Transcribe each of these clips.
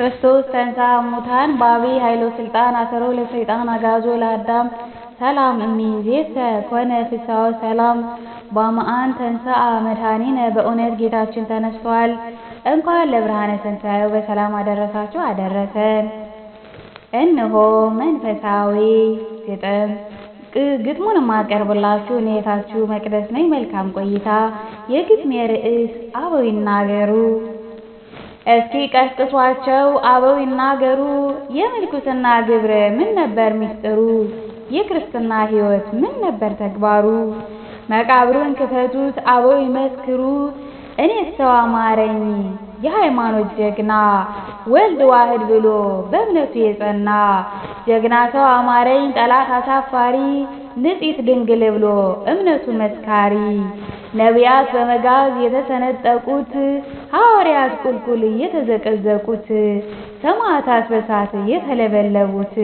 ክርስቶስ ተንሳ ሙታን ባቢ ኃይል ወሥልጣን አሰሮ ለሰይጣን አግዓዞ ለአዳም ሰላም እምይእዜሰ ኮነ ፍስሐ ሰላም በአምዓን ተንሳ መድኃኒነ በእውነት ጌታችን ተነስቷል። እንኳን ለብርሃነ ትንሣኤው በሰላም አደረሳችሁ አደረሰን እነሆ መንፈሳዊ ግጥም ግጥሙን የማቀርብላችሁ እኔ መቅደስ ነኝ መልካም ቆይታ የግጥሜ ርዕስ አበው ይናገሩ እስኪ ቀስቅሷቸው አበው ይናገሩ። የምልኩትና ግብር ምን ነበር ሚስጥሩ? የክርስትና ሕይወት ምን ነበር ተግባሩ? መቃብሩን ክፈቱት አበው ይመስክሩ። እኔ ሰው አማረኝ የሃይማኖት ጀግና ወልድ ዋህድ ብሎ በእምነቱ የጸና ጀግና ሰው አማረኝ ጠላት አሳፋሪ ንጽሕት ድንግል ብሎ እምነቱ መስካሪ ነቢያት በመጋዝ የተሰነጠቁት፣ ሐዋርያት ቁልቁል እየተዘቀዘቁት፣ ሰማዕታት በሳት እየተለበለቡት፣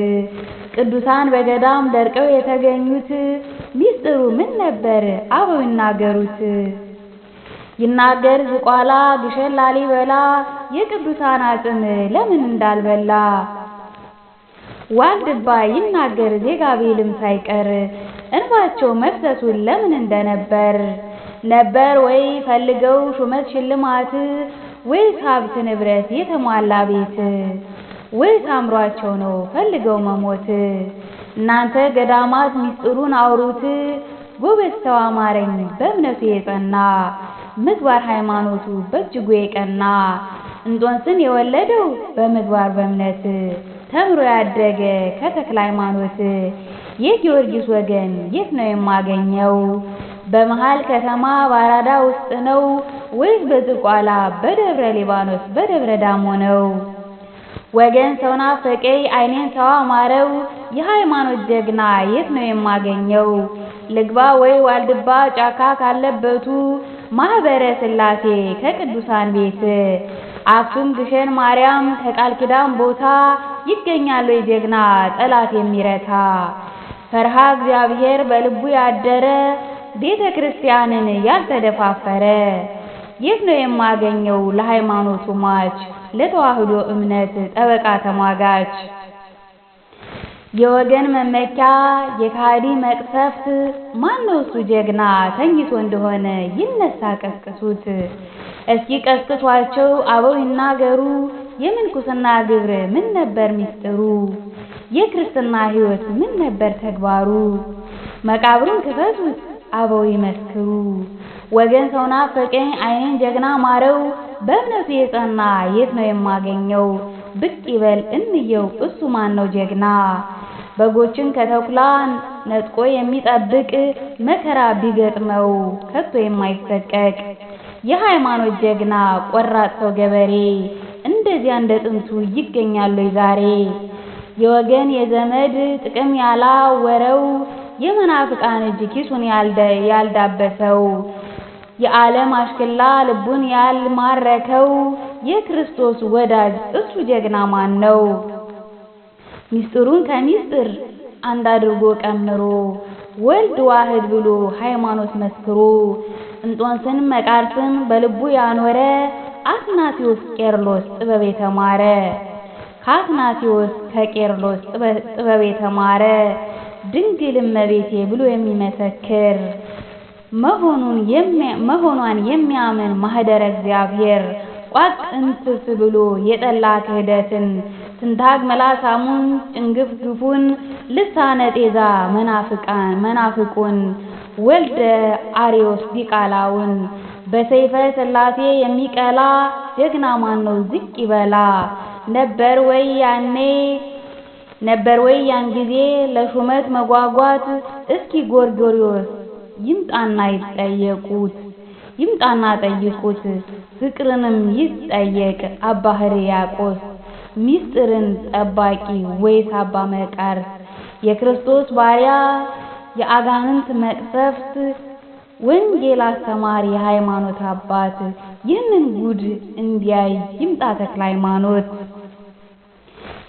ቅዱሳን በገዳም ደርቀው የተገኙት፣ ሚስጥሩ ምን ነበር አበው ይናገሩት። ይናገር ዝቋላ ግሸን ላሊበላ የቅዱሳን አጽም ለምን እንዳልበላ ዋልድባ ይናገር ዜጋ ቤልም ሳይቀር እንባቸው መፍሰሱን ለምን እንደነበር ነበር ወይ ፈልገው ሹመት ሽልማት ወይስ ሀብት ንብረት የተሟላ ቤት ወይስ አምሯቸው ነው ፈልገው መሞት እናንተ ገዳማት ሚስጥሩን አውሩት ጎበዝ ሰው አማረኝ በእምነቱ የጸና ምግባር ሃይማኖቱ በእጅጉ የቀና እንጦንስን የወለደው በምግባር በእምነት ተምሮ ያደገ ከተክለ ሃይማኖት የጊዮርጊስ ወገን የት ነው የማገኘው በመሀል ከተማ በአራዳ ውስጥ ነው ወይስ በዝቋላ በደብረ ሊባኖስ በደብረ ዳሞ ነው? ወገን ሰው ናፈቀኝ አይኔን ሰው አማረው የሃይማኖት ጀግና የት ነው የማገኘው? ልግባ ወይ ዋልድባ ጫካ ካለበቱ ማህበረ ስላሴ ከቅዱሳን ቤት አክሱም ግሸን ማርያም ከቃል ኪዳን ቦታ ይገኛል ወይ ጀግና ጠላት የሚረታ? ፈርሃ እግዚአብሔር በልቡ ያደረ ቤተ ክርስቲያንን ያልተደፋፈረ። ይህ ነው የማገኘው ለሃይማኖቱ ሟች፣ ለተዋህዶ እምነት ጠበቃ ተሟጋች። የወገን መመኪያ የካህዲ መቅሰፍት፣ ነው እሱ ጀግና ተኝቶ እንደሆነ ይነሳ ቀስቅሱት። እስኪ ቀስቅሷቸው አበው ይናገሩ፣ የምንኩስና ግብር ምን ነበር ሚስጥሩ? የክርስትና ሕይወት ምን ነበር ተግባሩ? መቃብሩን ክፈቱት አበው ይመስክሩ። ወገን ሰው ናፈቀኝ አይኔን ጀግና ማረው በእምነቱ የጸና የት ነው የማገኘው? ብቅ ይበል እንየው እሱ ነው ጀግና? በጎችን ከተኩላ ነጥቆ የሚጠብቅ መከራ ቢገጥመው ከቶ የማይሰቀቅ የሃይማኖት ጀግና ቆራጥ ሰው ገበሬ እንደዚያ እንደ ጥንቱ ይገኛሉ ዛሬ። የወገን የዘመድ ጥቅም ያላወረው የመናፍቃን እጅ ኪሱን ያልዳበሰው የዓለም አሽክላ ልቡን ያልማረከው የክርስቶስ ወዳጅ እሱ ጀግና ማን ነው? ሚስጥሩን ከሚስጥር አንድ አድርጎ ቀምሮ ወልድ ዋህድ ብሎ ሃይማኖት መስክሮ እንጦንስን መቃርስን በልቡ ያኖረ አትናቴዎስ ቄርሎስ ጥበብ የተማረ ከአትናቴዎስ ከቄርሎስ ጥበብ የተማረ ድንግል እመቤቴ ብሎ የሚመሰክር መሆኗን የሚያምን ማህደረ እግዚአብሔር ቋቅ እንትስ ብሎ የጠላ ክህደትን ትንታግ መላሳሙን ጭንግፍ ግፉን ልሳነ ጤዛ መናፍቁን ወልደ አሪዮስ ዲቃላውን በሰይፈ ስላሴ የሚቀላ ጀግና ነው ዝቅ ይበላ ነበር ወይ ያኔ ነበር ወይ ያን ጊዜ ለሹመት መጓጓት? እስኪ ጎርጎርዮስ ይምጣና ይጠየቁት ይምጣና ጠይቁት ፍቅርንም ይጠየቅ አባ ሕርያቆስ ሚስጥርን ጠባቂ ወይስ አባ መቃር የክርስቶስ ባሪያ የአጋንንት መቅሰፍት ወንጌል አስተማሪ የሃይማኖት አባት ይህንን ጉድ እንዲያይ ይምጣ ተክለ ሃይማኖት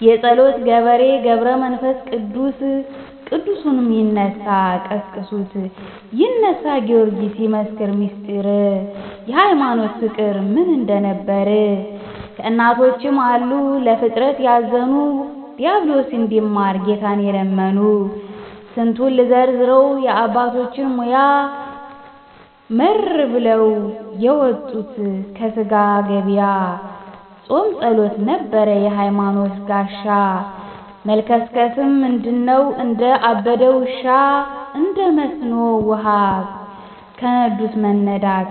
የጸሎት ገበሬ ገብረ መንፈስ ቅዱስ ቅዱሱንም ይነሳ ቀስቅሱት ይነሳ ጊዮርጊስ ይመስክር ምስጢር የሃይማኖት ፍቅር ምን እንደነበር ከእናቶችም አሉ ለፍጥረት ያዘኑ ዲያብሎስ እንዲማር ጌታን የለመኑ ስንቱን ልዘርዝረው የአባቶችን ሙያ መር ብለው የወጡት ከስጋ ገበያ ጾም ጸሎት ነበረ የሃይማኖት ጋሻ። መልከስከስም ምንድነው እንደ አበደ ውሻ እንደ መስኖ ውሃ ከነዱት መነዳት።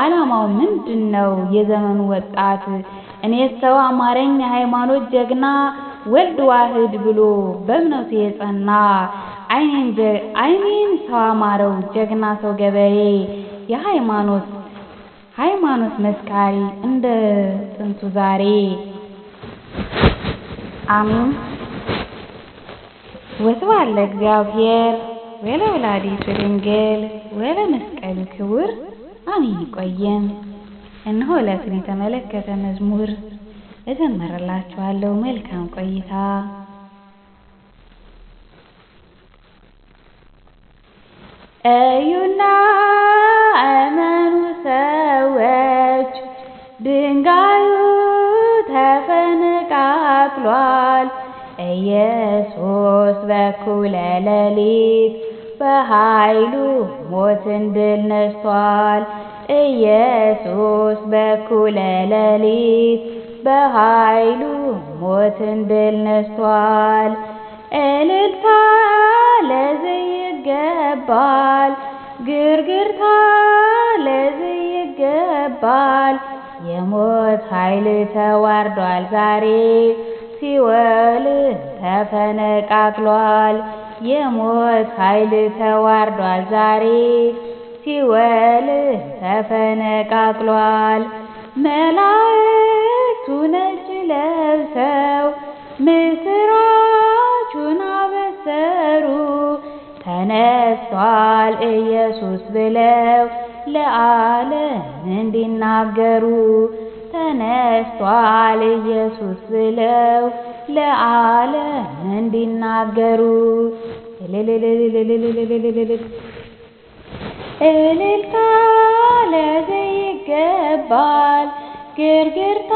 ዓላማው ምንድነው የዘመኑ ወጣት እኔ ሰው አማረኝ የሃይማኖት ጀግና ወልድ ዋህድ ብሎ በእምነቱ የጸና አይኔን ሰው አማረው ጀግና ሰው ገበሬ የሃይማኖት ሃይማኖት መስካሪ እንደ ጥንቱ ዛሬ አሜን ወስብሐት ለእግዚአብሔር ወለወላዲቱ ድንግል ወለመስቀሉ ክቡር አሜን ይቆየን እነሆ ዕለቱን የተመለከተ መዝሙር እዘምርላችኋለሁ መልካም ቆይታ እዩና አመኑ ሰዎች ድንጋዩ ተፈነቃቅሏል ኢየሱስ በእኩለ ሌሊት በኃይሉ ሞትን ድል ነስቷል ኢየሱስ በእኩለ ሌሊት በኃይሉ ሞትን ድል ነስቷል እልልታ ይገባል፣ ግርግርታ ለዚህ ይገባል። የሞት ኃይል ተዋርዷል ዛሬ፣ ሲወል ተፈነቃቅሏል። የሞት ኃይል ተዋርዷል ዛሬ፣ ሲወል ተፈነቃቅሏል። መላእክቱ ነጭ ለብሰው ተነስቷል ኢየሱስ ብለው ለዓለም እንዲናገሩ ተነስቷል ኢየሱስ ብለው ለዓለም እንዲናገሩ እልልታ ለዚህ ይገባል፣ ግርግርታ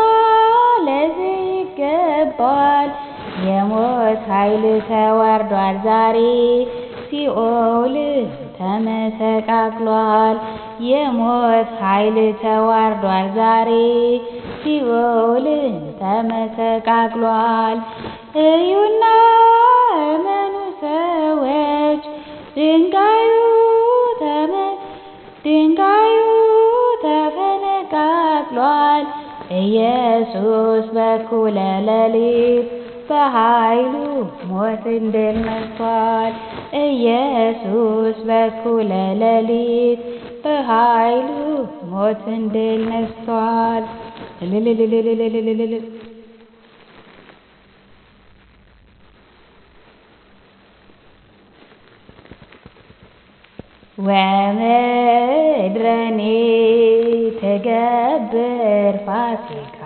ለዚህ ይገባል። የሞት ኃይል ተወርዷል ዛሬ ሲኦ ተመሰቃቅሏል። የሞት ኃይል ተዋርዷል ዛሬ ሲኦልም ተመሰቃቅሏል። እዩና እመኑ ሰዎች ድንጋዩ ድንጋዩ ተፈነቃቅሏል። ኢየሱስ በኩለ ሌሊት በኃይሉ ሞትን ድል ነስቷል። ኢየሱስ በኩለ ሌሊት በኃይሉ ሞትን ድል ነስቷል። ወምድረኔ ትገብር ፋሲካ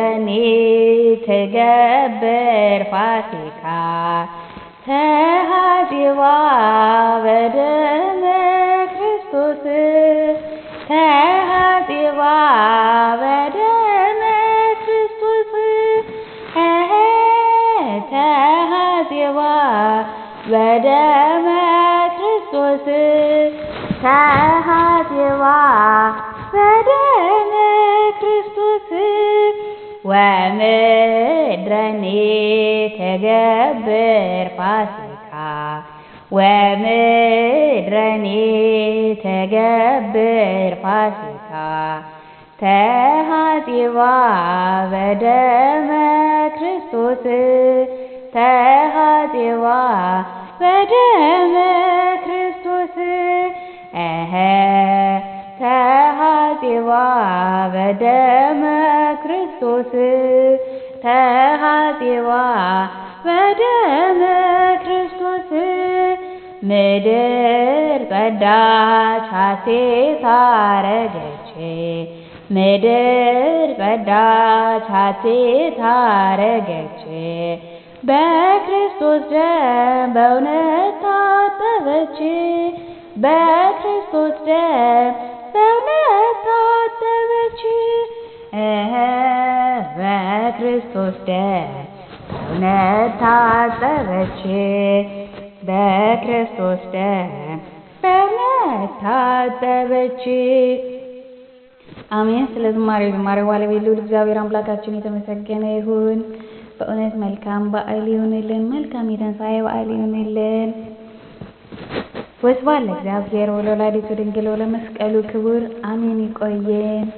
በሚትገብር ፋሲካ ተሃሲባ በደመ ክርስቶስ ተሃሲባ በደመ ክርስቶስ ተሃሲባ በደመ ክርስቶስ ተሃሲባ በደ ወምድረኒ ትገብር ፋሲካ ወምድረኒ ትገብር ፋሲካ ተሃጢባ በደመ ክርስቶስ ተሃጢባ በደመ ክርስቶስ እኸ ተሃጢባ በደመ ሥርዋ በደመ ክርስቶስ ምድር ጸዳች ሐሴት አረገች ምድር ጸዳች ሐሴት አረገች በክርስቶስ ደም በእውነት ታጠበች በክርስቶስ ደም በእውነት ታጠበች በክርስቶስ ደም መታጠበች በክርስቶስ ደም በመታጠበች። አሜን። ስለ ዝማሬው ዝማሬው ባለቤት ልዑል እግዚአብሔር አምላካችን የተመሰገነ ይሁን። በእውነት መልካም በዓል ይሁንልን። መልካም የትንሣኤ በዓል ይሁንልን። ወስብሐት ለእግዚአብሔር ወለወላዲቱ ድንግል ወለመስቀሉ ክቡር። አሜን። ይቆየን።